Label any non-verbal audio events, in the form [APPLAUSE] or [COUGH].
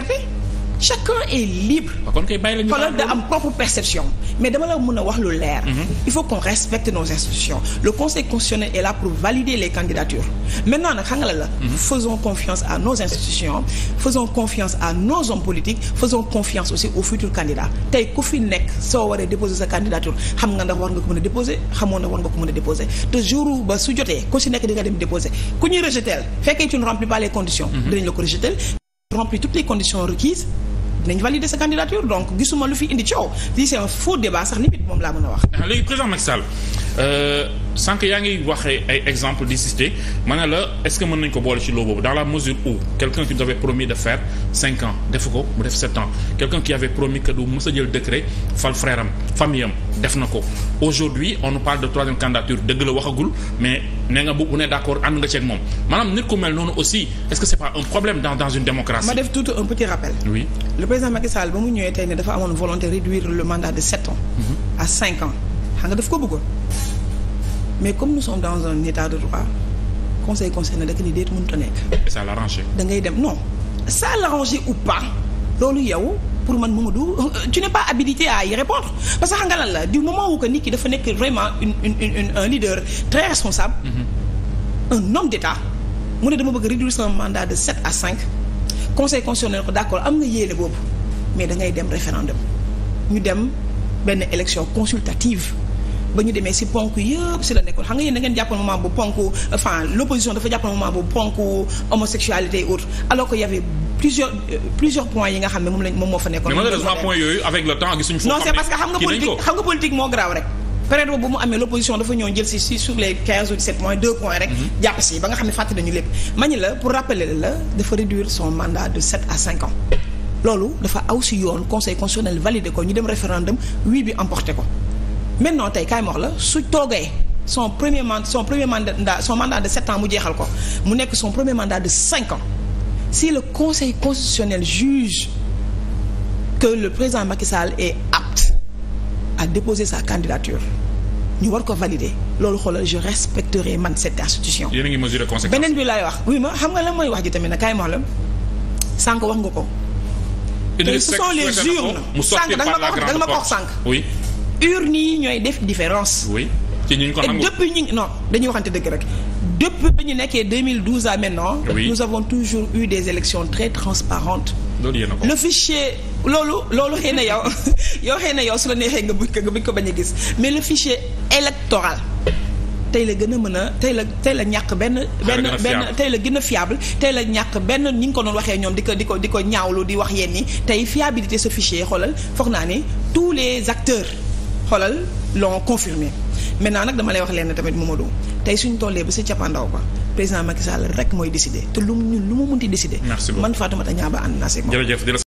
liberté chacun est libre xoolal da am propre perception mais dama la mën a wax lu leer mhm. il faut qu'on respecte nos institutions le conseil constitutionnel est là pour valider les candidatures maintenant nag xam nga la la mhm. faisons confiance à nos institutions faisons confiance à nos hommes politiques faisons confiance aussi aux futurs candidats tey ku fi nekk soo waree déposer sa candidature xam nga ndax war nga ko mën a déposer xamoo ndax war nga ko mën a déposer te jour ba nekk nga dem déposer ku ñuy rejetel fekkee tu ne rempli toutes les conditions requises dinañ valider sa donc gisuma lu fi indi ci lii c'est un faux débat sax limite moom laa mën a wax. léegi président Macky Sall Euh, sànq yaa ngi waxee ay exemple di cité est-ce que mën nañ ko boole ci loo dans la mesure où quelqu'un qui nous avait promis de faire cinq ans def ko mu def sept ans quelqu'un qui avait promis que du décret fal frère def na ko aujourd'hui on nous parle de troisième candidature dëgg la waxagul mais nee nga bu bu ne d'accord ànd nga ceeg moom maanaam nit ku mel noonu aussi est-ce que c'est pas un problème dans une démocratie. mais comme nous sommes dans un état de droit conseil concerné da déet mënut a nekk. ça l'arrange. da ngay dem no ça l'arrange ou pas loolu yow pour man Mamadou euh, tu n'es pas habilité à y répondre parce que xam nga lan la du moment où ko nit ki dafa nekk vraiment une une une un leader très responsable. Mm -hmm. un mu ne dama bëgg réduire son mandat de sept à cinq conseil constitutionnel ko d'accord am nga yéene boobu mais dangay ngay dem référendum ñu dem benn élection consultative. ba ñu demee si ponk yëpp si la nekkoon xam nga yéen da ngeen jàppoon moment bu ponk enfin l' dafa jàppoon moment bu ponk homosexualité et autres alors que y euh, plusieurs points yi nga xam ne moom lañ moom moo fa nekkoon. mais malheureusement points yooyu avec le temps gisuñu. non c'est parce que xam nga politique moo graaw rek. période points rek. Mm-hmm. jàpp si ba nga xam ne fàtte nañu lépp. ma la pour rappeler la dafa réduire son mandat de sept à cinq ans loolu dafa aw si yoon conseil constitutionnel validé ko ñu dem référendum oui bi emporté ko. maintenant tey kaay ma wax la su toogee son premier mandat son premier mandat son mandat de sept ans mu jeexal ko mu nekk son premier mandat de cinq ans si le conseil constitutionnel juge que le président Macky Sall est a à déposer sa candidature ñu war ko valider loolu xoolal je respecterai man cette institution. yéen a beneen bi laay wax oui ma xam nga lan mooy wax ji tamit nag kaay ma la sànq wax nga ko. te ce sont les urnes sànq da nga ma ko wax sànq. urnes yi ñooy def différence. oui ci ñu ko nangu depuis ñu non dañuy waxante dëgg rek depuis ba ñu nekkee 2012 à maintenant. Oui. nous avons toujours eu des élections très transparentes. le fichier loolu loolu xëy na yow [LAUGHS] yow xëy na yow su la neexee nga buñ ko nga buñ ko bañ a gis mais le fichier électoral tey la gën a mën a tey la tey la ñàkk benn benn benn tey la gën a fiable tey la ñàkk benn ñi ngi ko doon waxee ñoom di ko di ko di ko ñaawlu di wax yenn yi tey fiabilité ce fichier xoolal foog naa ne tous les acteurs xoolal l'ont confirmé maintenant nag dama lay wax leen tamit Momadou tey suñu tollee ba sa cappaandaw ba président Macky Sall mooy décider te lu mu lu mu munti décider. man Fatoumata Niang ànd naa seeg moom.